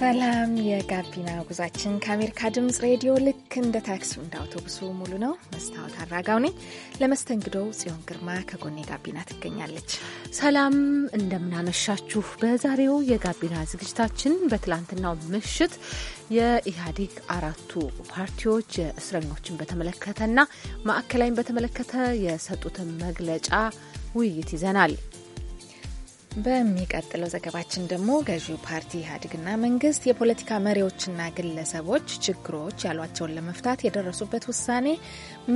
ሰላም የጋቢና ጉዛችን ከአሜሪካ ድምፅ ሬዲዮ ልክ እንደ ታክሲው እንደ አውቶቡሱ ሙሉ ነው። መስታወት አራጋው ነኝ። ለመስተንግዶው ጽዮን ግርማ ከጎኔ ጋቢና ትገኛለች። ሰላም እንደምናመሻችሁ። በዛሬው የጋቢና ዝግጅታችን በትላንትናው ምሽት የኢህአዴግ አራቱ ፓርቲዎች የእስረኞችን በተመለከተና ማዕከላይን በተመለከተ የሰጡትን መግለጫ ውይይት ይዘናል። በሚቀጥለው ዘገባችን ደግሞ ገዢው ፓርቲ ኢህአዴግና መንግስት የፖለቲካ መሪዎችና ግለሰቦች ችግሮች ያሏቸውን ለመፍታት የደረሱበት ውሳኔ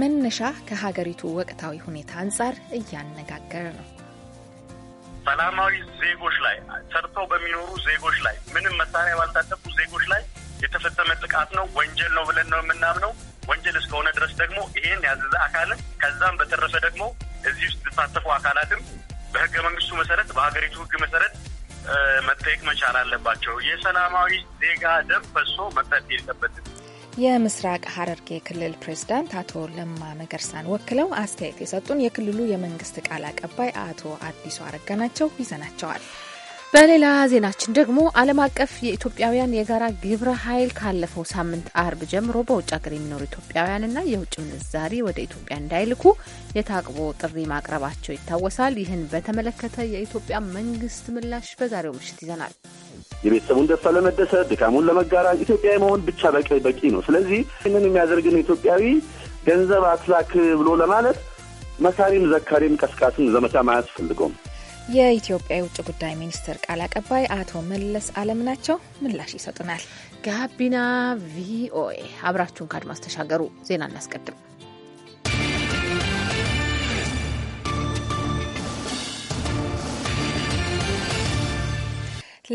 መነሻ ከሀገሪቱ ወቅታዊ ሁኔታ አንጻር እያነጋገረ ነው። ሰላማዊ ዜጎች ላይ ሰርተው በሚኖሩ ዜጎች ላይ ምንም መሳሪያ ባልታጠቁ ዜጎች ላይ የተፈጸመ ጥቃት ነው፣ ወንጀል ነው ብለን ነው የምናምነው። ወንጀል እስከሆነ ድረስ ደግሞ ይሄን ያዘዘ አካልን ከዛም በተረፈ ደግሞ እዚህ ውስጥ የተሳተፉ አካላትም በህገ መንግስቱ መሰረት በሀገሪቱ ህግ መሰረት መጠየቅ መቻል አለባቸው። የሰላማዊ ዜጋ ደም ፈሶ መቅረት የለበትም። የምስራቅ ሐረርጌ ክልል ፕሬዝዳንት አቶ ለማ መገርሳን ወክለው አስተያየት የሰጡን የክልሉ የመንግስት ቃል አቀባይ አቶ አዲሱ አረጋ ናቸው። ይዘናቸዋል። በሌላ ዜናችን ደግሞ ዓለም አቀፍ የኢትዮጵያውያን የጋራ ግብረ ኃይል ካለፈው ሳምንት አርብ ጀምሮ በውጭ ሀገር የሚኖሩ ኢትዮጵያውያንና የውጭ ምንዛሪ ወደ ኢትዮጵያ እንዳይልኩ የታቅቦ ጥሪ ማቅረባቸው ይታወሳል። ይህን በተመለከተ የኢትዮጵያ መንግስት ምላሽ በዛሬው ምሽት ይዘናል። የቤተሰቡን ደስታ ለመደሰት ድካሙን ለመጋራት ኢትዮጵያዊ መሆን ብቻ በቂ በቂ ነው። ስለዚህ ይህንን የሚያደርግን ኢትዮጵያዊ ገንዘብ አትላክ ብሎ ለማለት መካሪም፣ ዘካሪም፣ ቀስቃስም ዘመቻ ማያስፈልገውም። የኢትዮጵያ የውጭ ጉዳይ ሚኒስትር ቃል አቀባይ አቶ መለስ አለም ናቸው። ምላሽ ይሰጡናል። ጋቢና ቪኦኤ አብራችሁን ከአድማስ ተሻገሩ። ዜና እናስቀድም።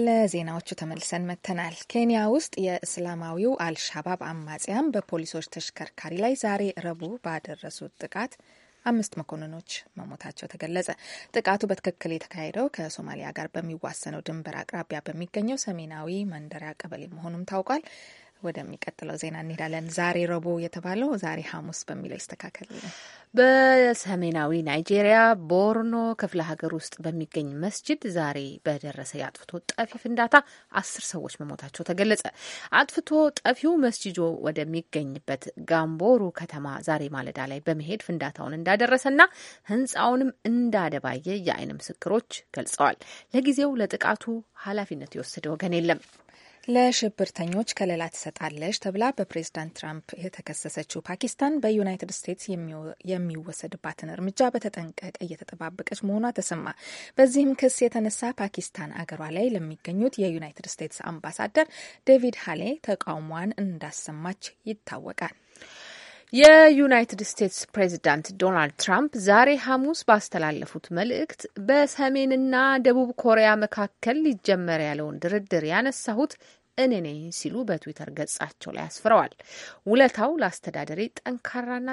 ለዜናዎቹ ተመልሰን መጥተናል። ኬንያ ውስጥ የእስላማዊው አልሻባብ አማጽያም በፖሊሶች ተሽከርካሪ ላይ ዛሬ ረቡዕ ባደረሱት ጥቃት አምስት መኮንኖች መሞታቸው ተገለጸ። ጥቃቱ በትክክል የተካሄደው ከሶማሊያ ጋር በሚዋሰነው ድንበር አቅራቢያ በሚገኘው ሰሜናዊ መንደሪያ ቀበሌ መሆኑም ታውቋል። ወደሚቀጥለው ዜና እንሄዳለን። ዛሬ ረቡዕ የተባለው ዛሬ ሐሙስ በሚለው ይስተካከል። በሰሜናዊ ናይጄሪያ ቦርኖ ክፍለ ሀገር ውስጥ በሚገኝ መስጅድ ዛሬ በደረሰ የአጥፍቶ ጠፊ ፍንዳታ አስር ሰዎች መሞታቸው ተገለጸ። አጥፍቶ ጠፊው መስጅዱ ወደሚገኝበት ጋምቦሩ ከተማ ዛሬ ማለዳ ላይ በመሄድ ፍንዳታውን እንዳደረሰና ህንፃውንም እንዳደባየ የአይን ምስክሮች ገልጸዋል። ለጊዜው ለጥቃቱ ኃላፊነት የወሰደ ወገን የለም። ለሽብርተኞች ከለላ ትሰጣለች ተብላ በፕሬዝዳንት ትራምፕ የተከሰሰችው ፓኪስታን በዩናይትድ ስቴትስ የሚወሰድባትን እርምጃ በተጠንቀቅ እየተጠባበቀች መሆኗ ተሰማ። በዚህም ክስ የተነሳ ፓኪስታን አገሯ ላይ ለሚገኙት የዩናይትድ ስቴትስ አምባሳደር ዴቪድ ሃሌ ተቃውሟን እንዳሰማች ይታወቃል። የዩናይትድ ስቴትስ ፕሬዚዳንት ዶናልድ ትራምፕ ዛሬ ሐሙስ ባስተላለፉት መልእክት በሰሜንና ደቡብ ኮሪያ መካከል ሊጀመር ያለውን ድርድር ያነሳሁት እኔ ነኝ ሲሉ በትዊተር ገጻቸው ላይ አስፍረዋል። ውለታው ለአስተዳደሬ ጠንካራና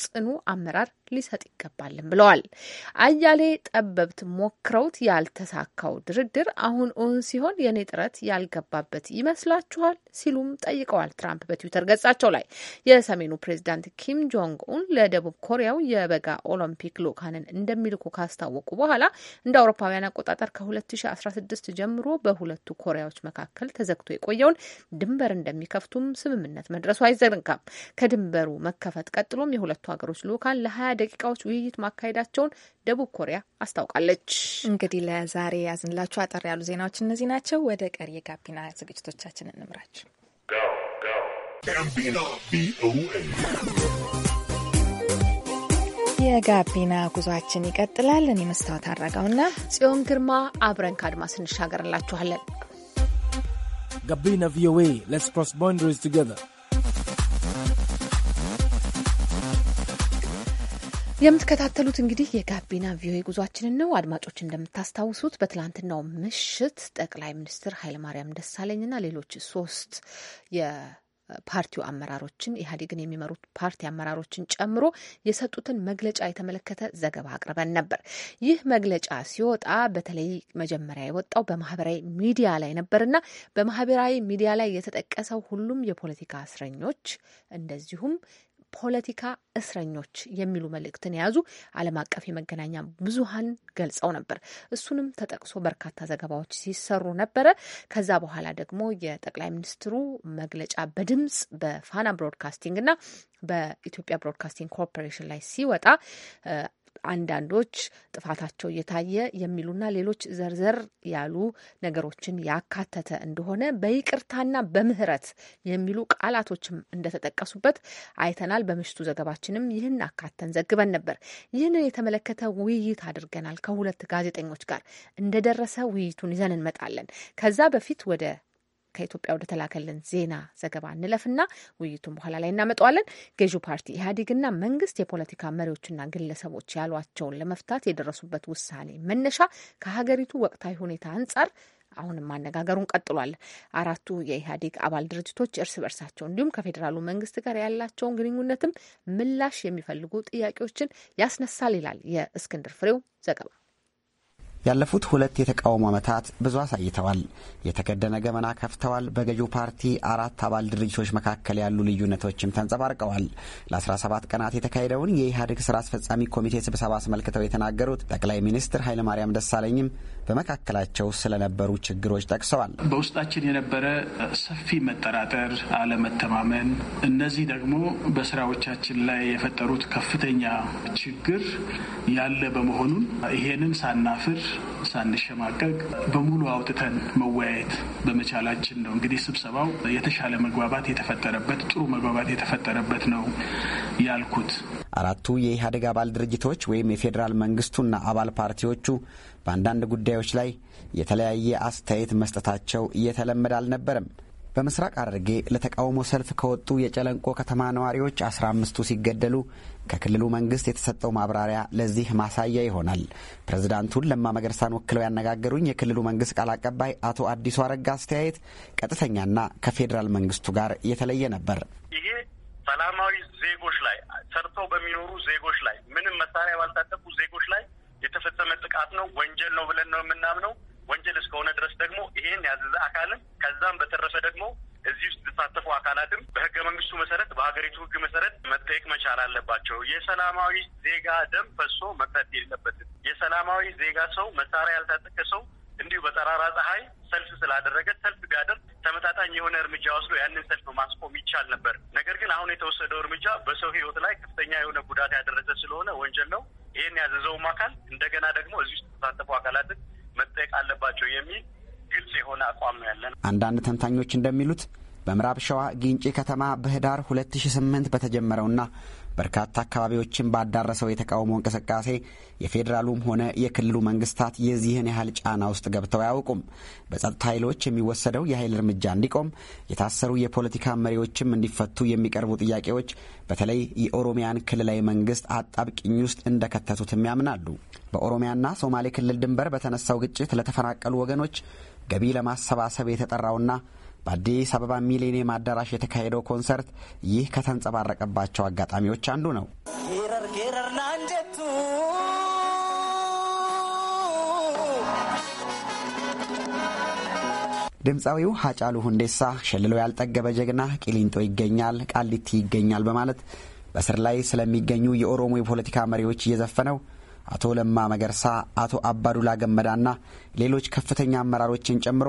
ጽኑ አመራር ሊሰጥ ይገባልን ብለዋል። አያሌ ጠበብት ሞክረውት ያልተሳካው ድርድር አሁን እውን ሲሆን የኔ ጥረት ያልገባበት ይመስላችኋል ሲሉም ጠይቀዋል። ትራምፕ በትዊተር ገጻቸው ላይ የሰሜኑ ፕሬዚዳንት ኪም ጆንግ ኡን ለደቡብ ኮሪያው የበጋ ኦሎምፒክ ልኡካንን እንደሚልኩ ካስታወቁ በኋላ እንደ አውሮፓውያን አቆጣጠር ከ2016 ጀምሮ በሁለቱ ኮሪያዎች መካከል ተዘግቶ የቆየውን ድንበር እንደሚከፍቱም ስምምነት መድረሱ አይዘነጋም። ከድንበሩ መከፈት ቀጥሎም የሁለቱ ሀገሮች ልኡካን ለ ደቂቃዎች ውይይት ማካሄዳቸውን ደቡብ ኮሪያ አስታውቃለች። እንግዲህ ለዛሬ ያዝንላችሁ አጠር ያሉ ዜናዎች እነዚህ ናቸው። ወደ ቀሪ የጋቢና ዝግጅቶቻችን እንምራች። የጋቢና ጉዟችን ይቀጥላል። እኔ መስታወት አድረጋውና ጽዮን ግርማ አብረን ከአድማስ እንሻገርላችኋለን። ጋቢና ቪኦኤ ሌትስ ክሮስ ባውንደሪስ ቱጌዘር የምትከታተሉት እንግዲህ የጋቢና ቪኦኤ ጉዟችንን ነው። አድማጮች እንደምታስታውሱት በትላንትናው ምሽት ጠቅላይ ሚኒስትር ኃይለማርያም ደሳለኝና ሌሎች ሶስት ፓርቲው አመራሮችን ኢህአዴግን የሚመሩት ፓርቲ አመራሮችን ጨምሮ የሰጡትን መግለጫ የተመለከተ ዘገባ አቅርበን ነበር። ይህ መግለጫ ሲወጣ በተለይ መጀመሪያ የወጣው በማህበራዊ ሚዲያ ላይ ነበርና በማህበራዊ ሚዲያ ላይ የተጠቀሰው ሁሉም የፖለቲካ እስረኞች እንደዚሁም ፖለቲካ እስረኞች የሚሉ መልእክትን የያዙ ዓለም አቀፍ የመገናኛ ብዙሃን ገልጸው ነበር። እሱንም ተጠቅሶ በርካታ ዘገባዎች ሲሰሩ ነበረ። ከዛ በኋላ ደግሞ የጠቅላይ ሚኒስትሩ መግለጫ በድምጽ በፋና ብሮድካስቲንግ እና በኢትዮጵያ ብሮድካስቲንግ ኮርፖሬሽን ላይ ሲወጣ አንዳንዶች ጥፋታቸው እየታየ የሚሉና ሌሎች ዘርዘር ያሉ ነገሮችን ያካተተ እንደሆነ በይቅርታና በምህረት የሚሉ ቃላቶችም እንደተጠቀሱበት አይተናል። በምሽቱ ዘገባችንም ይህን አካተን ዘግበን ነበር። ይህንን የተመለከተ ውይይት አድርገናል ከሁለት ጋዜጠኞች ጋር። እንደደረሰ ውይይቱን ይዘን እንመጣለን። ከዛ በፊት ወደ ከኢትዮጵያ ወደ ተላከልን ዜና ዘገባ እንለፍና ውይይቱን በኋላ ላይ እናመጣዋለን። ገዢው ፓርቲ ኢህአዴግና መንግስት የፖለቲካ መሪዎችና ግለሰቦች ያሏቸውን ለመፍታት የደረሱበት ውሳኔ መነሻ ከሀገሪቱ ወቅታዊ ሁኔታ አንጻር አሁንም ማነጋገሩን ቀጥሏል። አራቱ የኢህአዴግ አባል ድርጅቶች እርስ በርሳቸው እንዲሁም ከፌዴራሉ መንግስት ጋር ያላቸውን ግንኙነትም ምላሽ የሚፈልጉ ጥያቄዎችን ያስነሳል ይላል የእስክንድር ፍሬው ዘገባ። ያለፉት ሁለት የተቃውሞ ዓመታት ብዙ አሳይተዋል። የተከደነ ገመና ከፍተዋል። በገዢው ፓርቲ አራት አባል ድርጅቶች መካከል ያሉ ልዩነቶችም ተንጸባርቀዋል። ለ17 ቀናት የተካሄደውን የኢህአዴግ ስራ አስፈጻሚ ኮሚቴ ስብሰባ አስመልክተው የተናገሩት ጠቅላይ ሚኒስትር ኃይለማርያም ደሳለኝም በመካከላቸው ስለነበሩ ችግሮች ጠቅሰዋል። በውስጣችን የነበረ ሰፊ መጠራጠር፣ አለመተማመን፣ እነዚህ ደግሞ በስራዎቻችን ላይ የፈጠሩት ከፍተኛ ችግር ያለ በመሆኑን ይሄንን ሳናፍር ሳንሸማቀቅ በሙሉ አውጥተን መወያየት በመቻላችን ነው። እንግዲህ ስብሰባው የተሻለ መግባባት የተፈጠረበት ጥሩ መግባባት የተፈጠረበት ነው ያልኩት። አራቱ የኢህአዴግ አባል ድርጅቶች ወይም የፌዴራል መንግስቱና አባል ፓርቲዎቹ በአንዳንድ ጉዳዮች ላይ የተለያየ አስተያየት መስጠታቸው እየተለመደ አልነበረም። በምስራቅ ሐረርጌ ለተቃውሞ ሰልፍ ከወጡ የጨለንቆ ከተማ ነዋሪዎች አስራ አምስቱ ሲገደሉ ከክልሉ መንግስት የተሰጠው ማብራሪያ ለዚህ ማሳያ ይሆናል። ፕሬዝዳንቱን ለማ መገርሳን ወክለው ያነጋገሩኝ የክልሉ መንግስት ቃል አቀባይ አቶ አዲሱ አረጋ አስተያየት ቀጥተኛና ከፌዴራል መንግስቱ ጋር የተለየ ነበር። ይሄ ሰላማዊ ዜጎች ላይ ሰርተው በሚኖሩ ዜጎች ላይ ምንም መሳሪያ ባልታጠቁ ዜጎች ላይ የተፈጸመ ጥቃት ነው፣ ወንጀል ነው ብለን ነው የምናምነው። ወንጀል እስከሆነ ድረስ ደግሞ ይሄን ያዘዘ አካልን ከዛም በተረፈ ደግሞ እዚህ ውስጥ የተሳተፉ አካላትም በህገ መንግስቱ መሰረት በሀገሪቱ ህግ መሰረት መጠየቅ መቻል አለባቸው። የሰላማዊ ዜጋ ደም ፈሶ መቅረት የለበትም። የሰላማዊ ዜጋ ሰው መሳሪያ ያልታጠቀ ሰው እንዲሁ በጠራራ ፀሐይ ሰልፍ ስላደረገ ሰልፍ ቢያደርግ ተመጣጣኝ የሆነ እርምጃ ወስዶ ያንን ሰልፍ ማስቆም ይቻል ነበር። ነገር ግን አሁን የተወሰደው እርምጃ በሰው ህይወት ላይ ከፍተኛ የሆነ ጉዳት ያደረሰ ስለሆነ ወንጀል ነው። ይህን ያዘዘውም አካል እንደገና ደግሞ እዚህ ውስጥ የተሳተፉ አካላትን መጠየቅ አለባቸው የሚል ግልጽ የሆነ አቋም ነው ያለን። አንዳንድ ተንታኞች እንደሚሉት በምዕራብ ሸዋ ጊንጪ ከተማ በህዳር 2008 በተጀመረውና በርካታ አካባቢዎችን ባዳረሰው የተቃውሞ እንቅስቃሴ የፌዴራሉም ሆነ የክልሉ መንግስታት የዚህን ያህል ጫና ውስጥ ገብተው አያውቁም። በጸጥታ ኃይሎች የሚወሰደው የኃይል እርምጃ እንዲቆም፣ የታሰሩ የፖለቲካ መሪዎችም እንዲፈቱ የሚቀርቡ ጥያቄዎች በተለይ የኦሮሚያን ክልላዊ መንግስት አጣብቂኝ ውስጥ እንደከተቱትም ያምናሉ። በኦሮሚያና ሶማሌ ክልል ድንበር በተነሳው ግጭት ለተፈናቀሉ ወገኖች ገቢ ለማሰባሰብ የተጠራውና በአዲስ አበባ ሚሌኒየም አዳራሽ የተካሄደው ኮንሰርት ይህ ከተንጸባረቀባቸው አጋጣሚዎች አንዱ ነው። ድምፃዊው ሀጫሉ ሁንዴሳ ሸልሎ ያልጠገበ ጀግና ቂሊንጦ ይገኛል፣ ቃሊቲ ይገኛል በማለት በስር ላይ ስለሚገኙ የኦሮሞ የፖለቲካ መሪዎች እየዘፈነው አቶ ለማ መገርሳ፣ አቶ አባዱላ ገመዳና ሌሎች ከፍተኛ አመራሮችን ጨምሮ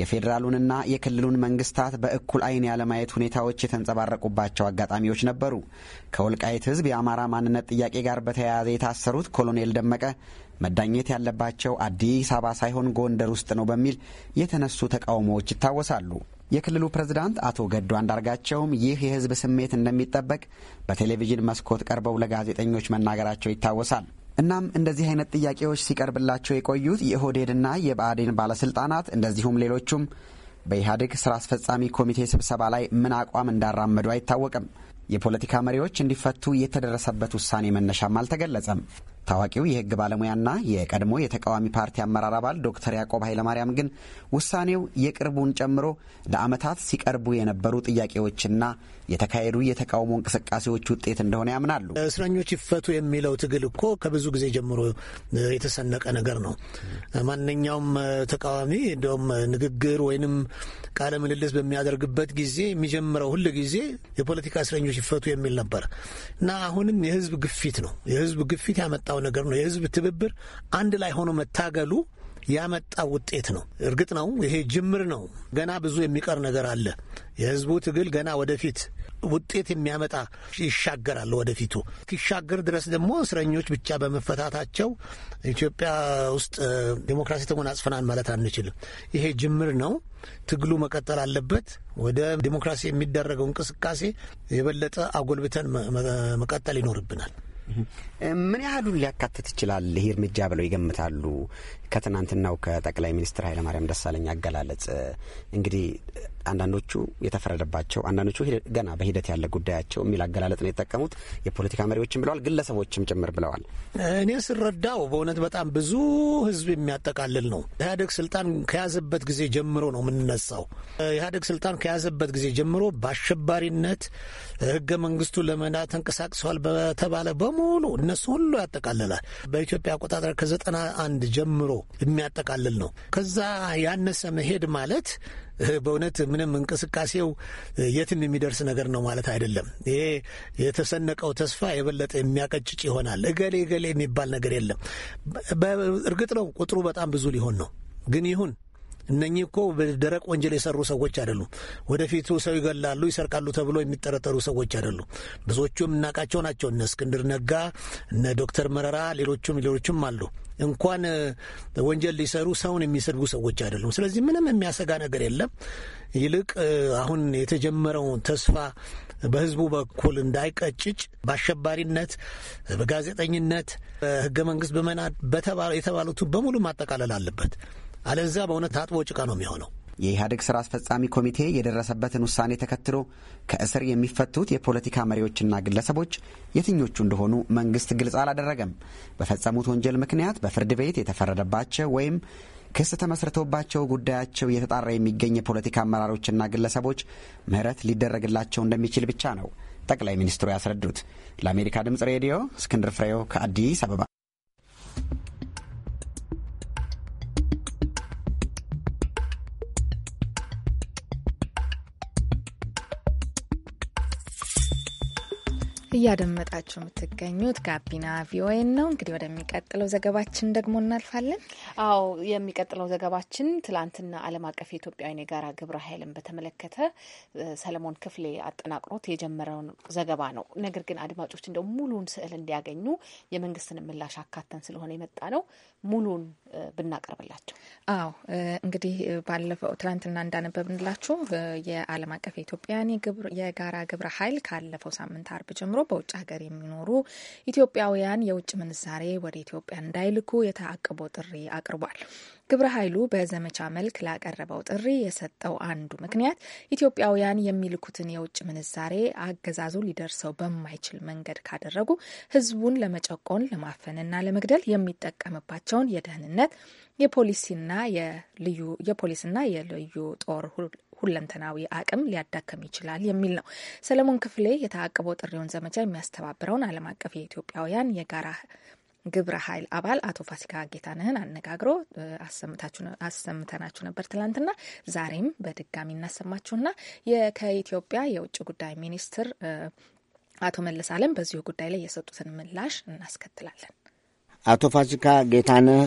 የፌዴራሉንና የክልሉን መንግስታት በእኩል ዓይን ያለማየት ሁኔታዎች የተንጸባረቁባቸው አጋጣሚዎች ነበሩ። ከወልቃይት ህዝብ የአማራ ማንነት ጥያቄ ጋር በተያያዘ የታሰሩት ኮሎኔል ደመቀ መዳኘት ያለባቸው አዲስ አበባ ሳይሆን ጎንደር ውስጥ ነው በሚል የተነሱ ተቃውሞዎች ይታወሳሉ። የክልሉ ፕሬዝዳንት አቶ ገዱ አንዳርጋቸውም ይህ የህዝብ ስሜት እንደሚጠበቅ በቴሌቪዥን መስኮት ቀርበው ለጋዜጠኞች መናገራቸው ይታወሳል። እናም እንደዚህ አይነት ጥያቄዎች ሲቀርብላቸው የቆዩት የኦህዴድና የብአዴን ባለስልጣናት እንደዚሁም ሌሎቹም በኢህአዴግ ስራ አስፈጻሚ ኮሚቴ ስብሰባ ላይ ምን አቋም እንዳራመዱ አይታወቅም። የፖለቲካ መሪዎች እንዲፈቱ የተደረሰበት ውሳኔ መነሻም አልተገለጸም። ታዋቂው የህግ ባለሙያና የቀድሞ የተቃዋሚ ፓርቲ አመራር አባል ዶክተር ያዕቆብ ኃይለማርያም ግን ውሳኔው የቅርቡን ጨምሮ ለአመታት ሲቀርቡ የነበሩ ጥያቄዎችና የተካሄዱ የተቃውሞ እንቅስቃሴዎች ውጤት እንደሆነ ያምናሉ። እስረኞች ይፈቱ የሚለው ትግል እኮ ከብዙ ጊዜ ጀምሮ የተሰነቀ ነገር ነው። ማንኛውም ተቃዋሚ እንዲሁም ንግግር ወይንም ቃለ ምልልስ በሚያደርግበት ጊዜ የሚጀምረው ሁል ጊዜ የፖለቲካ እስረኞች ይፈቱ የሚል ነበር እና አሁንም የህዝብ ግፊት ነው። የህዝብ ግፊት ያመጣው ያመጣው ነገር ነው። የህዝብ ትብብር አንድ ላይ ሆኖ መታገሉ ያመጣው ውጤት ነው። እርግጥ ነው ይሄ ጅምር ነው። ገና ብዙ የሚቀር ነገር አለ። የህዝቡ ትግል ገና ወደፊት ውጤት የሚያመጣ ይሻገራል። ወደፊቱ እስኪሻገር ድረስ ደግሞ እስረኞች ብቻ በመፈታታቸው ኢትዮጵያ ውስጥ ዴሞክራሲ ተጎናጽፈናል ማለት አንችልም። ይሄ ጅምር ነው። ትግሉ መቀጠል አለበት። ወደ ዴሞክራሲ የሚደረገው እንቅስቃሴ የበለጠ አጎልብተን መቀጠል ይኖርብናል። ምን ያህሉን ሊያካትት ይችላል ይህ እርምጃ ብለው ይገምታሉ? ከትናንትናው ከጠቅላይ ሚኒስትር ኃይለማርያም ደሳለኝ አገላለጽ እንግዲህ አንዳንዶቹ የተፈረደባቸው፣ አንዳንዶቹ ገና በሂደት ያለ ጉዳያቸው የሚል አገላለጥ ነው የጠቀሙት። የፖለቲካ መሪዎችም ብለዋል፣ ግለሰቦችም ጭምር ብለዋል። እኔ ስረዳው በእውነት በጣም ብዙ ህዝብ የሚያጠቃልል ነው። ኢህአዴግ ስልጣን ከያዘበት ጊዜ ጀምሮ ነው የምንነሳው። ኢህአዴግ ስልጣን ከያዘበት ጊዜ ጀምሮ በአሸባሪነት ህገ መንግስቱ ለመና ተንቀሳቅሰዋል በተባለ በሙሉ እነሱ ሁሉ ያጠቃልላል። በኢትዮጵያ አቆጣጠር ከዘጠና አንድ ጀምሮ የሚያጠቃልል ነው። ከዛ ያነሰ መሄድ ማለት በእውነት ምንም እንቅስቃሴው የትም የሚደርስ ነገር ነው ማለት አይደለም። ይሄ የተሰነቀው ተስፋ የበለጠ የሚያቀጭጭ ይሆናል። እገሌ እገሌ የሚባል ነገር የለም። እርግጥ ነው ቁጥሩ በጣም ብዙ ሊሆን ነው፣ ግን ይሁን እነኚህ እኮ በደረቅ ወንጀል የሰሩ ሰዎች አይደሉም። ወደፊቱ ሰው ይገላሉ፣ ይሰርቃሉ ተብሎ የሚጠረጠሩ ሰዎች አይደሉም። ብዙዎቹ የምናውቃቸው ናቸው። እነ እስክንድር ነጋ፣ እነ ዶክተር መረራ ሌሎቹም ሌሎቹም አሉ። እንኳን ወንጀል ሊሰሩ ሰውን የሚሰድቡ ሰዎች አይደሉም። ስለዚህ ምንም የሚያሰጋ ነገር የለም። ይልቅ አሁን የተጀመረው ተስፋ በህዝቡ በኩል እንዳይቀጭጭ በአሸባሪነት፣ በጋዜጠኝነት፣ ህገ መንግስት በመናድ የተባሉት በሙሉ ማጠቃለል አለበት። አለዛ በእውነት ታጥቦ ጭቃ ነው የሚሆነው። የኢህአዴግ ስራ አስፈጻሚ ኮሚቴ የደረሰበትን ውሳኔ ተከትሎ ከእስር የሚፈቱት የፖለቲካ መሪዎችና ግለሰቦች የትኞቹ እንደሆኑ መንግስት ግልጽ አላደረገም። በፈጸሙት ወንጀል ምክንያት በፍርድ ቤት የተፈረደባቸው ወይም ክስ ተመስርቶባቸው ጉዳያቸው እየተጣራ የሚገኝ የፖለቲካ አመራሮችና ግለሰቦች ምህረት ሊደረግላቸው እንደሚችል ብቻ ነው ጠቅላይ ሚኒስትሩ ያስረዱት። ለአሜሪካ ድምጽ ሬዲዮ እስክንድር ፍሬው ከአዲስ አበባ እያደመጣችሁ የምትገኙት ጋቢና ቪኦኤ ነው። እንግዲህ ወደሚቀጥለው ዘገባችን ደግሞ እናልፋለን። አዎ የሚቀጥለው ዘገባችን ትላንትና ዓለም አቀፍ የኢትዮጵያውያን የጋራ ግብረ ኃይልን በተመለከተ ሰለሞን ክፍሌ አጠናቅሮት የጀመረውን ዘገባ ነው። ነገር ግን አድማጮች እንደው ሙሉን ስዕል እንዲያገኙ የመንግስትን ምላሽ አካተን ስለሆነ የመጣ ነው። ሙሉን ብናቀርብላቸው። አዎ እንግዲህ ባለፈው ትላንትና እንዳነበብንላችሁ የዓለም አቀፍ የኢትዮጵያውያን የጋራ ግብረ ኃይል ካለፈው ሳምንት አርብ ጀምሮ በውጭ ሀገር የሚኖሩ ኢትዮጵያውያን የውጭ ምንዛሬ ወደ ኢትዮጵያ እንዳይልኩ የተአቅቦ ጥሪ አቅርቧል። ግብረ ኃይሉ በዘመቻ መልክ ላቀረበው ጥሪ የሰጠው አንዱ ምክንያት ኢትዮጵያውያን የሚልኩትን የውጭ ምንዛሬ አገዛዙ ሊደርሰው በማይችል መንገድ ካደረጉ ሕዝቡን ለመጨቆን ለማፈንና ለመግደል የሚጠቀምባቸውን የደህንነት የፖሊስና የልዩ የፖሊስና የልዩ ጦር ሁለንተናዊ አቅም ሊያዳከም ይችላል የሚል ነው። ሰለሞን ክፍሌ የተአቅቦ ጥሪውን ዘመቻ የሚያስተባብረውን ዓለም አቀፍ የኢትዮጵያውያን የጋራ ግብረ ኃይል አባል አቶ ፋሲካ ጌታነህን አነጋግሮ አሰምተናችሁ ነበር ትላንትና። ዛሬም በድጋሚ እናሰማችሁና ከኢትዮጵያ የውጭ ጉዳይ ሚኒስትር አቶ መለስ አለም በዚሁ ጉዳይ ላይ የሰጡትን ምላሽ እናስከትላለን። አቶ ፋሲካ ጌታነህ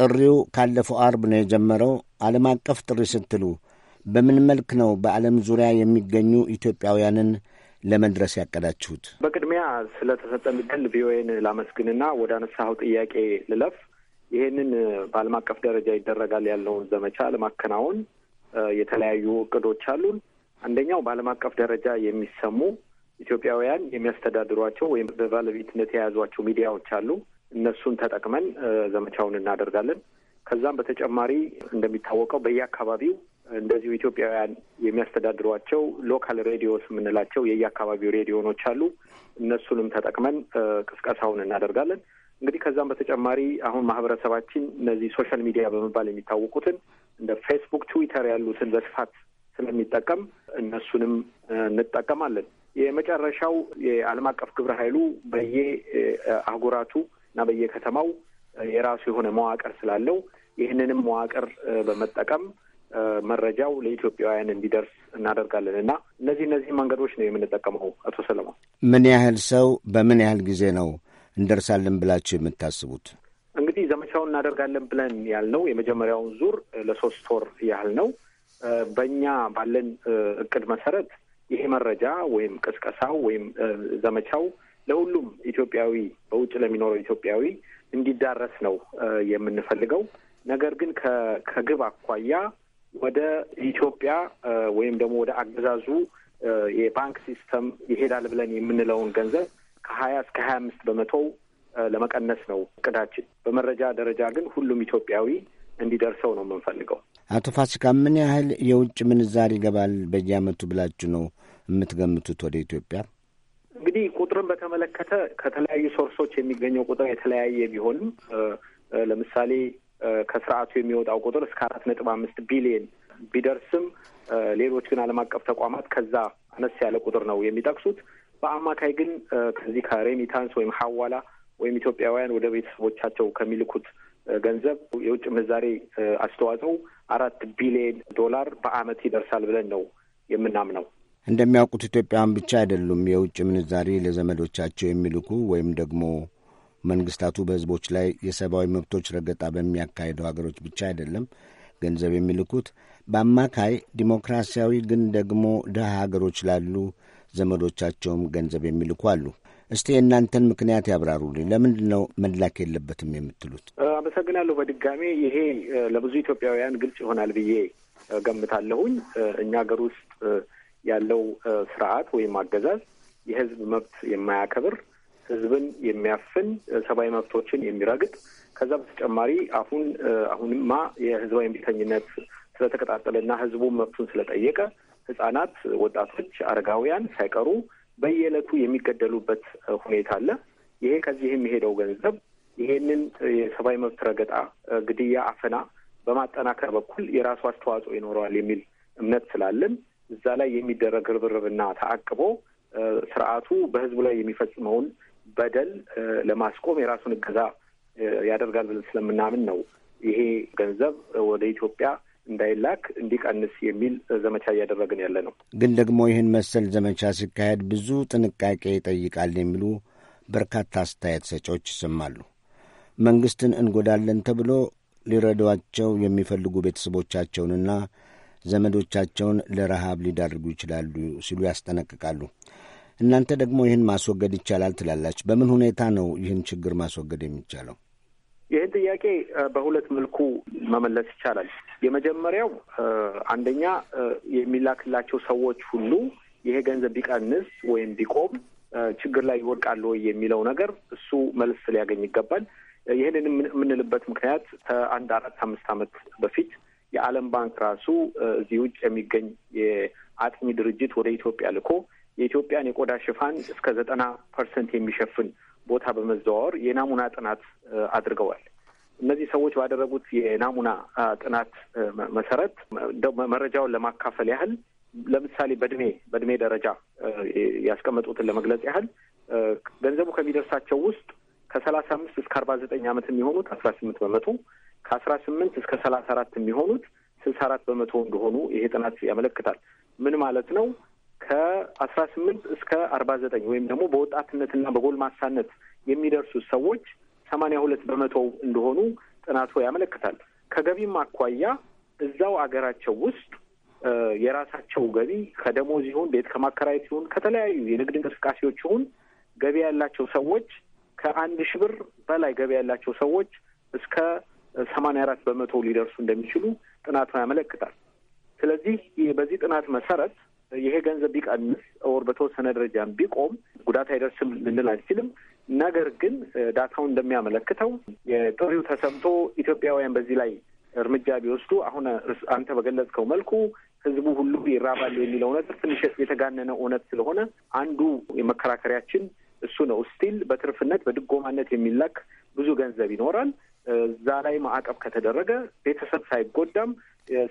ጥሪው ካለፈው አርብ ነው የጀመረው። ዓለም አቀፍ ጥሪ ስትሉ በምን መልክ ነው በዓለም ዙሪያ የሚገኙ ኢትዮጵያውያንን ለመድረስ ያቀዳችሁት? በቅድሚያ ስለተሰጠን እድል ቪኦኤን ላመስግንና ወደ አነሳኸው ጥያቄ ልለፍ። ይህንን በዓለም አቀፍ ደረጃ ይደረጋል ያለውን ዘመቻ ለማከናወን የተለያዩ እቅዶች አሉን። አንደኛው በዓለም አቀፍ ደረጃ የሚሰሙ ኢትዮጵያውያን የሚያስተዳድሯቸው ወይም በባለቤትነት የያዟቸው ሚዲያዎች አሉ። እነሱን ተጠቅመን ዘመቻውን እናደርጋለን። ከዛም በተጨማሪ እንደሚታወቀው በየአካባቢው እንደዚሁ ኢትዮጵያውያን የሚያስተዳድሯቸው ሎካል ሬዲዮስ የምንላቸው የየአካባቢው ሬዲዮኖች አሉ። እነሱንም ተጠቅመን ቅስቀሳውን እናደርጋለን። እንግዲህ ከዛም በተጨማሪ አሁን ማህበረሰባችን እነዚህ ሶሻል ሚዲያ በመባል የሚታወቁትን እንደ ፌስቡክ፣ ትዊተር ያሉትን በስፋት ስለሚጠቀም እነሱንም እንጠቀማለን። የመጨረሻው የዓለም አቀፍ ግብረ ኃይሉ በየ አህጉራቱ እና በየከተማው የራሱ የሆነ መዋቅር ስላለው ይህንንም መዋቅር በመጠቀም መረጃው ለኢትዮጵያውያን እንዲደርስ እናደርጋለን እና እነዚህ እነዚህ መንገዶች ነው የምንጠቀመው። አቶ ሰለሞን፣ ምን ያህል ሰው በምን ያህል ጊዜ ነው እንደርሳለን ብላችሁ የምታስቡት? እንግዲህ ዘመቻውን እናደርጋለን ብለን ያልነው የመጀመሪያውን ዙር ለሶስት ወር ያህል ነው። በእኛ ባለን እቅድ መሰረት ይሄ መረጃ ወይም ቅስቀሳው ወይም ዘመቻው ለሁሉም ኢትዮጵያዊ በውጭ ለሚኖረው ኢትዮጵያዊ እንዲዳረስ ነው የምንፈልገው። ነገር ግን ከግብ አኳያ ወደ ኢትዮጵያ ወይም ደግሞ ወደ አገዛዙ የባንክ ሲስተም ይሄዳል ብለን የምንለውን ገንዘብ ከሀያ እስከ ሀያ አምስት በመቶው ለመቀነስ ነው እቅዳችን። በመረጃ ደረጃ ግን ሁሉም ኢትዮጵያዊ እንዲደርሰው ነው የምንፈልገው። አቶ ፋሲካ ምን ያህል የውጭ ምንዛሪ ይገባል በየአመቱ ብላችሁ ነው የምትገምቱት ወደ ኢትዮጵያ? እንግዲህ ቁጥርን በተመለከተ ከተለያዩ ሶርሶች የሚገኘው ቁጥር የተለያየ ቢሆንም ለምሳሌ ከስርዓቱ የሚወጣው ቁጥር እስከ አራት ነጥብ አምስት ቢሊየን ቢደርስም ሌሎች ግን ዓለም አቀፍ ተቋማት ከዛ አነስ ያለ ቁጥር ነው የሚጠቅሱት። በአማካይ ግን ከዚህ ከሬሚታንስ ወይም ሀዋላ ወይም ኢትዮጵያውያን ወደ ቤተሰቦቻቸው ከሚልኩት ገንዘብ የውጭ ምንዛሬ አስተዋጽኦ አራት ቢሊየን ዶላር በአመት ይደርሳል ብለን ነው የምናምነው። እንደሚያውቁት ኢትዮጵያውያን ብቻ አይደሉም የውጭ ምንዛሬ ለዘመዶቻቸው የሚልኩ ወይም ደግሞ መንግስታቱ በህዝቦች ላይ የሰብአዊ መብቶች ረገጣ በሚያካሂዱ ሀገሮች ብቻ አይደለም ገንዘብ የሚልኩት በአማካይ ዲሞክራሲያዊ ግን ደግሞ ድሃ ሀገሮች ላሉ ዘመዶቻቸውም ገንዘብ የሚልኩ አሉ። እስቲ የእናንተን ምክንያት ያብራሩልኝ። ለምንድን ነው መላክ የለበትም የምትሉት? አመሰግናለሁ። በድጋሜ ይሄ ለብዙ ኢትዮጵያውያን ግልጽ ይሆናል ብዬ ገምታለሁኝ። እኛ ሀገር ውስጥ ያለው ስርዓት ወይም አገዛዝ የህዝብ መብት የማያከብር ህዝብን የሚያፍን ሰብአዊ መብቶችን የሚረግጥ ከዛ በተጨማሪ አሁን አሁንማ የህዝባዊ እምቢተኝነት ስለተቀጣጠለና ህዝቡ መብቱን ስለጠየቀ ህጻናት፣ ወጣቶች፣ አረጋውያን ሳይቀሩ በየዕለቱ የሚገደሉበት ሁኔታ አለ። ይሄ ከዚህ የሚሄደው ገንዘብ ይሄንን የሰብአዊ መብት ረገጣ፣ ግድያ፣ አፈና በማጠናከር በኩል የራሱ አስተዋጽኦ ይኖረዋል የሚል እምነት ስላለን እዛ ላይ የሚደረግ ርብርብና ተአቅቦ ስርዓቱ በህዝቡ ላይ የሚፈጽመውን በደል ለማስቆም የራሱን እገዛ ያደርጋል ብለን ስለምናምን ነው ይሄ ገንዘብ ወደ ኢትዮጵያ እንዳይላክ እንዲቀንስ የሚል ዘመቻ እያደረግን ያለ ነው። ግን ደግሞ ይህን መሰል ዘመቻ ሲካሄድ ብዙ ጥንቃቄ ይጠይቃል የሚሉ በርካታ አስተያየት ሰጪዎች ይሰማሉ። መንግስትን እንጎዳለን ተብሎ ሊረዷቸው የሚፈልጉ ቤተሰቦቻቸውንና ዘመዶቻቸውን ለረሃብ ሊዳርጉ ይችላሉ ሲሉ ያስጠነቅቃሉ። እናንተ ደግሞ ይህን ማስወገድ ይቻላል ትላላችሁ። በምን ሁኔታ ነው ይህን ችግር ማስወገድ የሚቻለው? ይህን ጥያቄ በሁለት መልኩ መመለስ ይቻላል። የመጀመሪያው አንደኛ የሚላክላቸው ሰዎች ሁሉ ይሄ ገንዘብ ቢቀንስ ወይም ቢቆም ችግር ላይ ይወድቃሉ ወይ የሚለው ነገር እሱ መልስ ሊያገኝ ይገባል። ይህንን የምንልበት ምክንያት ከአንድ አራት አምስት ዓመት በፊት የዓለም ባንክ ራሱ እዚህ ውጭ የሚገኝ አጥኚ ድርጅት ወደ ኢትዮጵያ ልኮ የኢትዮጵያን የቆዳ ሽፋን እስከ ዘጠና ፐርሰንት የሚሸፍን ቦታ በመዘዋወር የናሙና ጥናት አድርገዋል። እነዚህ ሰዎች ባደረጉት የናሙና ጥናት መሰረት መረጃውን ለማካፈል ያህል ለምሳሌ በእድሜ በእድሜ ደረጃ ያስቀመጡትን ለመግለጽ ያህል ገንዘቡ ከሚደርሳቸው ውስጥ ከሰላሳ አምስት እስከ አርባ ዘጠኝ ዓመት የሚሆኑት አስራ ስምንት በመቶ ከአስራ ስምንት እስከ ሰላሳ አራት የሚሆኑት ስልሳ አራት በመቶ እንደሆኑ ይሄ ጥናት ያመለክታል። ምን ማለት ነው? ከአስራ ስምንት እስከ አርባ ዘጠኝ ወይም ደግሞ በወጣትነትና በጎልማሳነት የሚደርሱ ሰዎች ሰማንያ ሁለት በመቶ እንደሆኑ ጥናቱ ያመለክታል። ከገቢም አኳያ እዛው አገራቸው ውስጥ የራሳቸው ገቢ ከደሞዝ ይሁን ቤት ከማከራየት ይሁን ከተለያዩ የንግድ እንቅስቃሴዎች ይሁን ገቢ ያላቸው ሰዎች ከአንድ ሺህ ብር በላይ ገቢ ያላቸው ሰዎች እስከ ሰማንያ አራት በመቶ ሊደርሱ እንደሚችሉ ጥናቱ ያመለክታል። ስለዚህ በዚህ ጥናት መሰረት ይሄ ገንዘብ ቢቀንስ ኦር በተወሰነ ደረጃም ቢቆም ጉዳት አይደርስም ልንል አንችልም። ነገር ግን ዳታውን እንደሚያመለክተው የጥሪው ተሰምቶ ኢትዮጵያውያን በዚህ ላይ እርምጃ ቢወስዱ አሁን አንተ በገለጽከው መልኩ ህዝቡ ሁሉ ይራባል የሚለው ነገር ትንሽ የተጋነነ እውነት ስለሆነ አንዱ የመከራከሪያችን እሱ ነው። ስቲል በትርፍነት በድጎማነት የሚላክ ብዙ ገንዘብ ይኖራል። እዛ ላይ ማዕቀብ ከተደረገ ቤተሰብ ሳይጎዳም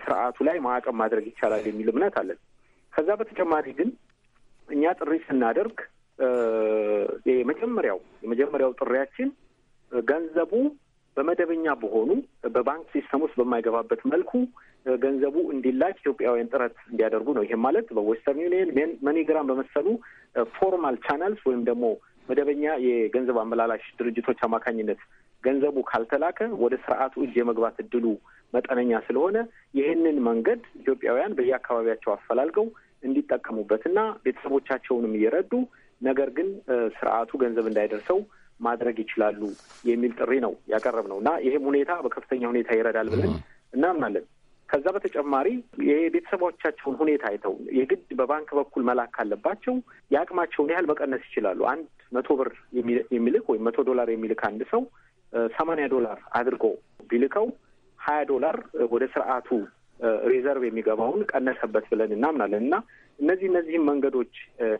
ስርዓቱ ላይ ማዕቀብ ማድረግ ይቻላል የሚል እምነት አለን። ከዛ በተጨማሪ ግን እኛ ጥሪ ስናደርግ የመጀመሪያው የመጀመሪያው ጥሪያችን ገንዘቡ በመደበኛ በሆኑ በባንክ ሲስተም ውስጥ በማይገባበት መልኩ ገንዘቡ እንዲላክ ኢትዮጵያውያን ጥረት እንዲያደርጉ ነው። ይህም ማለት በዌስተርን ዩኒየን መኒግራም በመሰሉ ፎርማል ቻናልስ ወይም ደግሞ መደበኛ የገንዘብ አመላላሽ ድርጅቶች አማካኝነት ገንዘቡ ካልተላከ ወደ ስርዓቱ እጅ የመግባት እድሉ መጠነኛ ስለሆነ ይህንን መንገድ ኢትዮጵያውያን በየአካባቢያቸው አፈላልገው እንዲጠቀሙበትና ቤተሰቦቻቸውንም እየረዱ ነገር ግን ስርዓቱ ገንዘብ እንዳይደርሰው ማድረግ ይችላሉ የሚል ጥሪ ነው ነው እና ይህም ሁኔታ በከፍተኛ ሁኔታ ይረዳል ብለን እናምናለን። ከዛ በተጨማሪ የቤተሰቦቻቸውን ሁኔታ አይተው የግድ በባንክ በኩል መላክ ካለባቸው የአቅማቸውን ያህል መቀነስ ይችላሉ። አንድ መቶ ብር የሚልክ ወይም መቶ ዶላር የሚልክ አንድ ሰው ሰማንያ ዶላር አድርጎ ቢልከው ሀያ ዶላር ወደ ስርዓቱ ሪዘርቭ የሚገባውን ቀነሰበት ብለን እናምናለን እና እነዚህ እነዚህም መንገዶች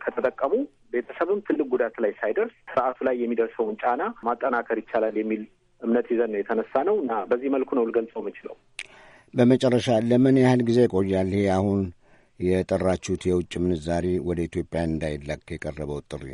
ከተጠቀሙ ቤተሰብም ትልቅ ጉዳት ላይ ሳይደርስ ስርዓቱ ላይ የሚደርሰውን ጫና ማጠናከር ይቻላል የሚል እምነት ይዘን ነው የተነሳ ነው እና በዚህ መልኩ ነው ልገልጸው የምችለው። በመጨረሻ ለምን ያህል ጊዜ ይቆያል ይሄ አሁን የጠራችሁት የውጭ ምንዛሪ ወደ ኢትዮጵያ እንዳይላክ የቀረበው ጥሪ?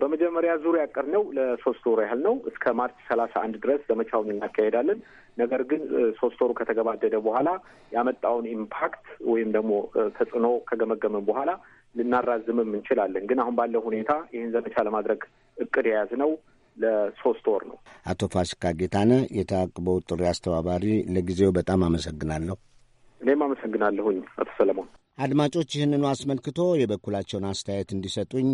በመጀመሪያ ዙር ያቀድነው ለሶስት ወር ያህል ነው። እስከ ማርች ሰላሳ አንድ ድረስ ዘመቻውን እናካሄዳለን። ነገር ግን ሶስት ወሩ ከተገባደደ በኋላ ያመጣውን ኢምፓክት ወይም ደግሞ ተጽዕኖ ከገመገምን በኋላ ልናራዝምም እንችላለን። ግን አሁን ባለው ሁኔታ ይህን ዘመቻ ለማድረግ እቅድ የያዝነው ለሶስት ወር ነው። አቶ ፋሲካ ጌታነ የታቅበው ጥሪ አስተባባሪ፣ ለጊዜው በጣም አመሰግናለሁ። እኔም አመሰግናለሁኝ አቶ ሰለሞን። አድማጮች ይህንኑ አስመልክቶ የበኩላቸውን አስተያየት እንዲሰጡኝ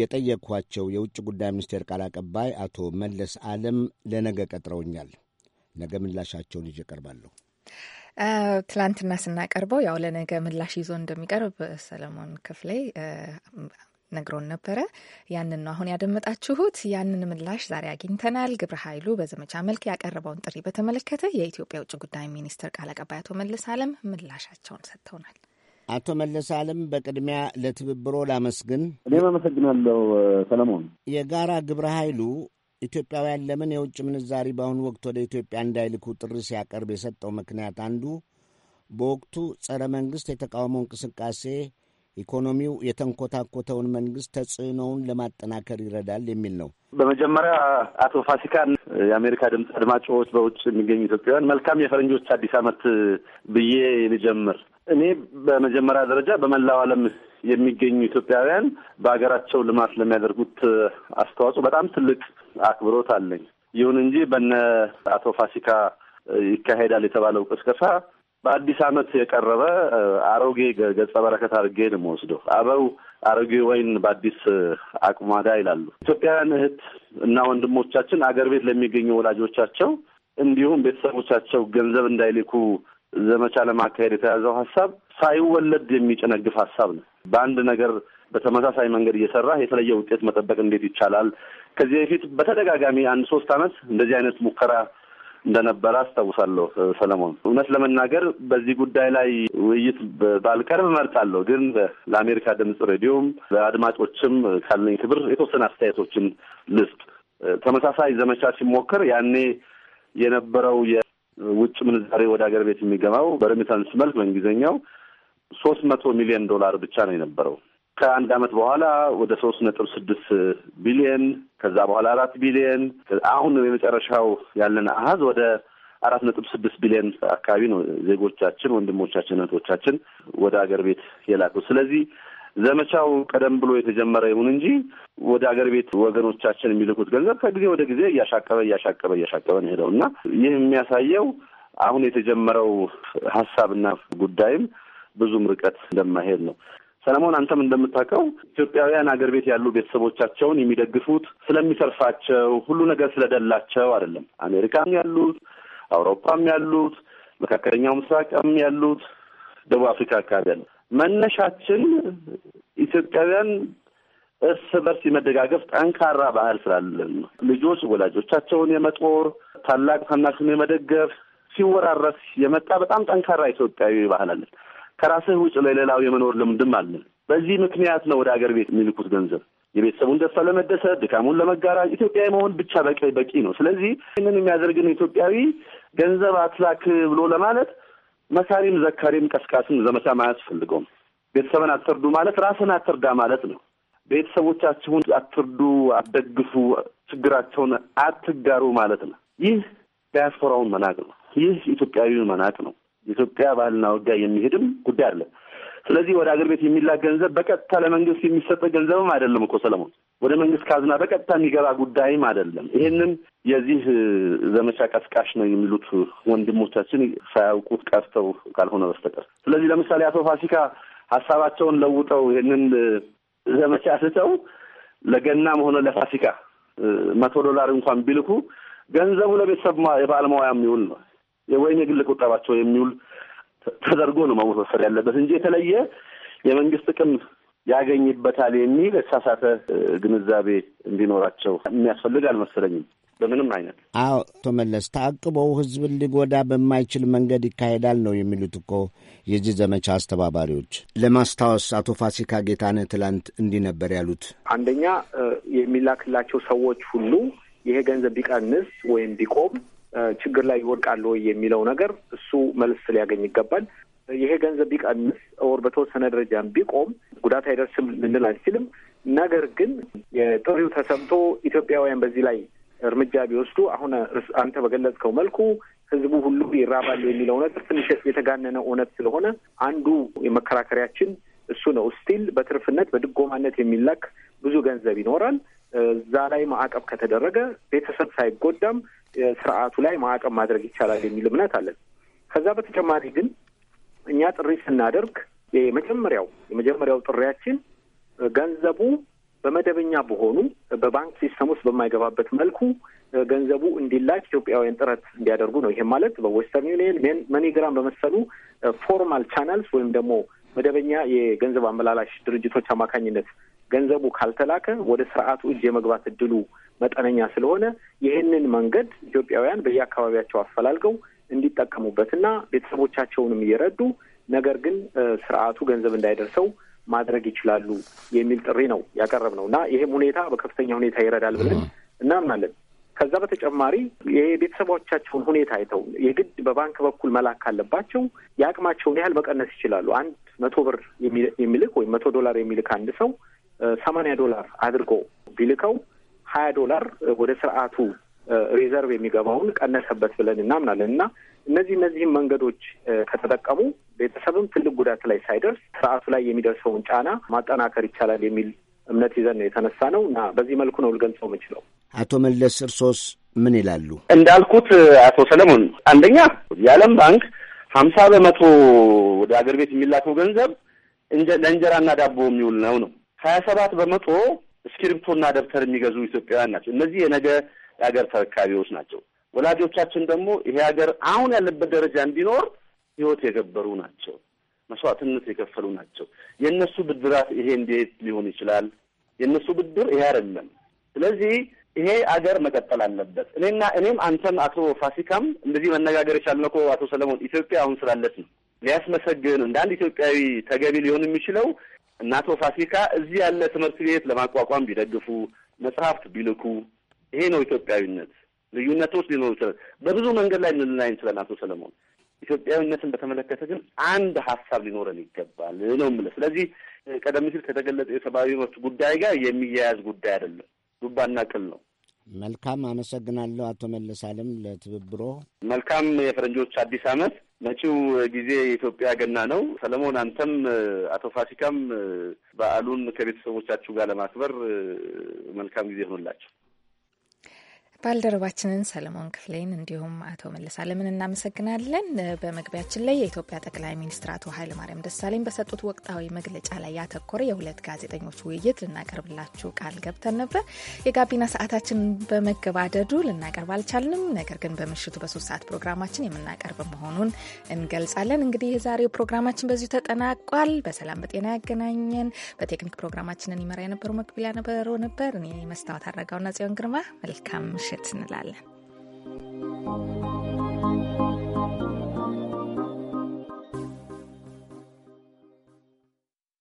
የጠየቅኳቸው የውጭ ጉዳይ ሚኒስቴር ቃል አቀባይ አቶ መለስ አለም ለነገ ቀጥረውኛል። ነገ ምላሻቸውን ይዤ እቀርባለሁ። ትላንትና ስናቀርበው ያው ለነገ ምላሽ ይዞ እንደሚቀርብ ሰለሞን ክፍሌ ነግሮን ነበረ። ያንን ነው አሁን ያደመጣችሁት። ያንን ምላሽ ዛሬ አግኝተናል። ግብረ ኃይሉ በዘመቻ መልክ ያቀረበውን ጥሪ በተመለከተ የኢትዮጵያ ውጭ ጉዳይ ሚኒስትር ቃል አቀባይ አቶ መለስ አለም ምላሻቸውን ሰጥተውናል። አቶ መለስ አለም በቅድሚያ ለትብብሮ ላመስግን። እኔም አመሰግናለሁ ሰለሞን። የጋራ ግብረ ኃይሉ ኢትዮጵያውያን ለምን የውጭ ምንዛሪ በአሁኑ ወቅት ወደ ኢትዮጵያ እንዳይልኩ ጥሪ ሲያቀርብ የሰጠው ምክንያት አንዱ በወቅቱ ጸረ መንግሥት የተቃውሞ እንቅስቃሴ ኢኮኖሚው የተንኮታኮተውን መንግስት ተጽዕኖውን ለማጠናከር ይረዳል የሚል ነው። በመጀመሪያ አቶ ፋሲካን የአሜሪካ ድምፅ አድማጮች፣ በውጭ የሚገኙ ኢትዮጵያውያን መልካም የፈረንጆች አዲስ ዓመት ብዬ ልጀምር። እኔ በመጀመሪያ ደረጃ በመላው ዓለም የሚገኙ ኢትዮጵያውያን በሀገራቸው ልማት ለሚያደርጉት አስተዋጽኦ በጣም ትልቅ አክብሮት አለኝ። ይሁን እንጂ በነ አቶ ፋሲካ ይካሄዳል የተባለው ቅስቀሳ በአዲስ ዓመት የቀረበ አሮጌ ገጸ በረከት አድርጌ ነው የምወስደው። አበው አሮጌ ወይን በአዲስ አቁማዳ ይላሉ። ኢትዮጵያውያን እህት እና ወንድሞቻችን አገር ቤት ለሚገኙ ወላጆቻቸው እንዲሁም ቤተሰቦቻቸው ገንዘብ እንዳይልኩ ዘመቻ ለማካሄድ የተያዘው ሀሳብ ሳይወለድ የሚጨነግፍ ሀሳብ ነው። በአንድ ነገር በተመሳሳይ መንገድ እየሰራ የተለየ ውጤት መጠበቅ እንዴት ይቻላል? ከዚህ በፊት በተደጋጋሚ አንድ ሶስት ዓመት እንደዚህ አይነት ሙከራ እንደነበረ አስታውሳለሁ። ሰለሞን፣ እውነት ለመናገር በዚህ ጉዳይ ላይ ውይይት ባልቀርብ እመርጣለሁ፣ ግን ለአሜሪካ ድምፅ ሬዲዮም ለአድማጮችም ካለኝ ክብር የተወሰነ አስተያየቶችን ልስጥ። ተመሳሳይ ዘመቻ ሲሞከር ያኔ የነበረው ውጭ ምንዛሬ ወደ ሀገር ቤት የሚገባው በሬሚታንስ መልክ በእንግሊዝኛው ሶስት መቶ ሚሊዮን ዶላር ብቻ ነው የነበረው። ከአንድ አመት በኋላ ወደ ሶስት ነጥብ ስድስት ቢሊየን ከዛ በኋላ አራት ቢሊየን አሁን የመጨረሻው ያለን አሀዝ ወደ አራት ነጥብ ስድስት ቢሊየን አካባቢ ነው ዜጎቻችን፣ ወንድሞቻችን፣ እህቶቻችን ወደ ሀገር ቤት የላኩት። ስለዚህ ዘመቻው ቀደም ብሎ የተጀመረ ይሁን እንጂ ወደ አገር ቤት ወገኖቻችን የሚልኩት ገንዘብ ከጊዜ ወደ ጊዜ እያሻቀበ እያሻቀበ እያሻቀበ ነው ሄደው እና ይህ የሚያሳየው አሁን የተጀመረው ሀሳብና ጉዳይም ብዙም ርቀት እንደማይሄድ ነው። ሰለሞን አንተም እንደምታውቀው ኢትዮጵያውያን አገር ቤት ያሉ ቤተሰቦቻቸውን የሚደግፉት ስለሚሰርፋቸው ሁሉ ነገር ስለደላቸው አይደለም። አሜሪካም ያሉት፣ አውሮፓም ያሉት፣ መካከለኛው ምስራቅም ያሉት፣ ደቡብ አፍሪካ አካባቢ ያሉት መነሻችን ኢትዮጵያውያን እርስ በርስ የመደጋገፍ ጠንካራ ባህል ስላለን ነው። ልጆች ወላጆቻቸውን የመጦር ታላቅ ታናሹን የመደገፍ ሲወራረስ የመጣ በጣም ጠንካራ ኢትዮጵያዊ ባህል አለን። ከራስህ ውጭ ለሌላው የመኖር ልምድም አለን። በዚህ ምክንያት ነው ወደ ሀገር ቤት የሚልኩት ገንዘብ የቤተሰቡን ደስታ ለመደሰት ድካሙን ለመጋራት ኢትዮጵያዊ መሆን ብቻ በቂ በቂ ነው። ስለዚህ ይህንን የሚያደርግን ኢትዮጵያዊ ገንዘብ አትላክ ብሎ ለማለት መካሪም፣ ዘካሪም፣ ቀስቃስም ዘመቻም አያስፈልገውም። ቤተሰብን አትርዱ ማለት ራስን አትርዳ ማለት ነው። ቤተሰቦቻችሁን አትርዱ፣ አትደግፉ፣ ችግራቸውን አትጋሩ ማለት ነው። ይህ ዲያስፖራውን መናቅ ነው። ይህ ኢትዮጵያዊውን መናቅ ነው። የኢትዮጵያ ባህልና ወጋ የሚሄድም ጉዳይ አለ። ስለዚህ ወደ አገር ቤት የሚላክ ገንዘብ በቀጥታ ለመንግስት የሚሰጥ ገንዘብም አይደለም እኮ ሰለሞን፣ ወደ መንግስት ካዝና በቀጥታ የሚገባ ጉዳይም አይደለም። ይሄንን የዚህ ዘመቻ ቀስቃሽ ነው የሚሉት ወንድሞቻችን ሳያውቁት ቀርተው ካልሆነ በስተቀር ስለዚህ ለምሳሌ አቶ ፋሲካ ሀሳባቸውን ለውጠው ይህንን ዘመቻ ስተው ለገናም ሆነ ለፋሲካ መቶ ዶላር እንኳን ቢልኩ ገንዘቡ ለቤተሰብ የባለሙያ የሚውል ነው ወይም የግል ቁጠባቸው የሚውል ተደርጎ ነው መሞት ያለበት እንጂ የተለየ የመንግስት ጥቅም ያገኝበታል የሚል የተሳሳተ ግንዛቤ እንዲኖራቸው የሚያስፈልግ አልመሰለኝም። በምንም አይነት አዎ፣ አቶ መለስ ታቅበው ህዝብን ሊጎዳ በማይችል መንገድ ይካሄዳል ነው የሚሉት እኮ የዚህ ዘመቻ አስተባባሪዎች። ለማስታወስ አቶ ፋሲካ ጌታነህ ትላንት እንዲህ ነበር ያሉት። አንደኛ የሚላክላቸው ሰዎች ሁሉ ይሄ ገንዘብ ቢቀንስ ወይም ቢቆም ችግር ላይ ይወድቃሉ ወይ የሚለው ነገር እሱ መልስ ሊያገኝ ይገባል። ይሄ ገንዘብ ቢቀንስ ወር በተወሰነ ደረጃ ቢቆም ጉዳት አይደርስም ልንል አንችልም። ነገር ግን የጥሪው ተሰምቶ ኢትዮጵያውያን በዚህ ላይ እርምጃ ቢወስዱ አሁን አንተ በገለጽከው መልኩ ህዝቡ ሁሉ ይራባሉ የሚለው ነገር ትንሽ የተጋነነ እውነት ስለሆነ አንዱ የመከራከሪያችን እሱ ነው። ስቲል በትርፍነት በድጎማነት የሚላክ ብዙ ገንዘብ ይኖራል። እዛ ላይ ማዕቀብ ከተደረገ ቤተሰብ ሳይጎዳም ስርዓቱ ላይ ማዕቀብ ማድረግ ይቻላል የሚል እምነት አለን። ከዛ በተጨማሪ ግን እኛ ጥሪ ስናደርግ የመጀመሪያው የመጀመሪያው ጥሪያችን ገንዘቡ በመደበኛ በሆኑ በባንክ ሲስተም ውስጥ በማይገባበት መልኩ ገንዘቡ እንዲላክ ኢትዮጵያውያን ጥረት እንዲያደርጉ ነው። ይሄ ማለት በዌስተርን ዩኒየን፣ መኒግራም በመሰሉ ፎርማል ቻናልስ ወይም ደግሞ መደበኛ የገንዘብ አመላላሽ ድርጅቶች አማካኝነት ገንዘቡ ካልተላከ ወደ ስርዓቱ እጅ የመግባት እድሉ መጠነኛ ስለሆነ ይህንን መንገድ ኢትዮጵያውያን በየአካባቢያቸው አፈላልገው እንዲጠቀሙበትና ቤተሰቦቻቸውንም እየረዱ ነገር ግን ስርዓቱ ገንዘብ እንዳይደርሰው ማድረግ ይችላሉ የሚል ጥሪ ነው ያቀረብ ነው እና ይህም ሁኔታ በከፍተኛ ሁኔታ ይረዳል ብለን እናምናለን። ከዛ በተጨማሪ የቤተሰቦቻቸውን ሁኔታ አይተው የግድ በባንክ በኩል መላክ ካለባቸው የአቅማቸውን ያህል መቀነስ ይችላሉ። አንድ መቶ ብር የሚልክ ወይም መቶ ዶላር የሚልክ አንድ ሰው ሰማንያ ዶላር አድርጎ ቢልከው ሀያ ዶላር ወደ ስርዓቱ ሪዘርቭ የሚገባውን ቀነሰበት ብለን እናምናለን እና እነዚህ እነዚህም መንገዶች ከተጠቀሙ ቤተሰብም ትልቅ ጉዳት ላይ ሳይደርስ ስርዓቱ ላይ የሚደርሰውን ጫና ማጠናከር ይቻላል የሚል እምነት ይዘን ነው የተነሳ ነው እና በዚህ መልኩ ነው ልገልጸው የምችለው። አቶ መለስ እርሶስ ምን ይላሉ? እንዳልኩት አቶ ሰለሞን፣ አንደኛ የዓለም ባንክ ሀምሳ በመቶ ወደ ሀገር ቤት የሚላከው ገንዘብ ለእንጀራና ዳቦ የሚውል ነው ነው ሀያ ሰባት በመቶ እስክሪብቶና ደብተር የሚገዙ ኢትዮጵያውያን ናቸው። እነዚህ የነገ የሀገር ተረካቢዎች ናቸው። ወላጆቻችን ደግሞ ይሄ ሀገር አሁን ያለበት ደረጃ እንዲኖር ህይወት የገበሩ ናቸው፣ መስዋዕትነት የከፈሉ ናቸው። የእነሱ ብድራት ይሄ እንዴት ሊሆን ይችላል? የእነሱ ብድር ይሄ አይደለም። ስለዚህ ይሄ አገር መቀጠል አለበት። እኔና እኔም አንተም አቶ ፋሲካም እንደዚህ መነጋገር የቻልነው እኮ አቶ ሰለሞን ኢትዮጵያ አሁን ስላለች ነው። ሊያስመሰግን እንደ አንድ ኢትዮጵያዊ ተገቢ ሊሆን የሚችለው እና አቶ ፋሲካ እዚህ ያለ ትምህርት ቤት ለማቋቋም ቢደግፉ፣ መጽሐፍት ቢልኩ፣ ይሄ ነው ኢትዮጵያዊነት። ልዩነቶች ሊኖሩ ይችላል። በብዙ መንገድ ላይ እንልናይ እንችላለን። አቶ ሰለሞን ኢትዮጵያዊነትን በተመለከተ ግን አንድ ሀሳብ ሊኖረን ይገባል ነው የምልህ። ስለዚህ ቀደም ሲል ከተገለጸ የሰብአዊ መብት ጉዳይ ጋር የሚያያዝ ጉዳይ አይደለም፣ ዱባና ቅል ነው። መልካም አመሰግናለሁ አቶ መለስ አለም ለትብብሮ። መልካም የፈረንጆች አዲስ አመት። መጪው ጊዜ የኢትዮጵያ ገና ነው። ሰለሞን አንተም አቶ ፋሲካም በዓሉን ከቤተሰቦቻችሁ ጋር ለማክበር መልካም ጊዜ ይሆንላችሁ። ባልደረባችንን ሰለሞን ክፍሌን እንዲሁም አቶ መለስ አለምን እናመሰግናለን። በመግቢያችን ላይ የኢትዮጵያ ጠቅላይ ሚኒስትር አቶ ኃይለማርያም ደሳለኝ በሰጡት ወቅታዊ መግለጫ ላይ ያተኮረ የሁለት ጋዜጠኞች ውይይት ልናቀርብላችሁ ቃል ገብተን ነበር። የጋቢና ሰዓታችን በመገባደዱ ልናቀርብ አልቻልንም። ነገር ግን በምሽቱ በሶስት ሰዓት ፕሮግራማችን የምናቀርብ መሆኑን እንገልጻለን። እንግዲህ የዛሬው ፕሮግራማችን በዚሁ ተጠናቋል። በሰላም በጤና ያገናኘን። በቴክኒክ ፕሮግራማችንን ይመራ የነበረው መክቢላ ነበረው ነበር። እኔ መስታወት አረጋውና ጽዮን ግርማ መልካም ምሽት እንላለን።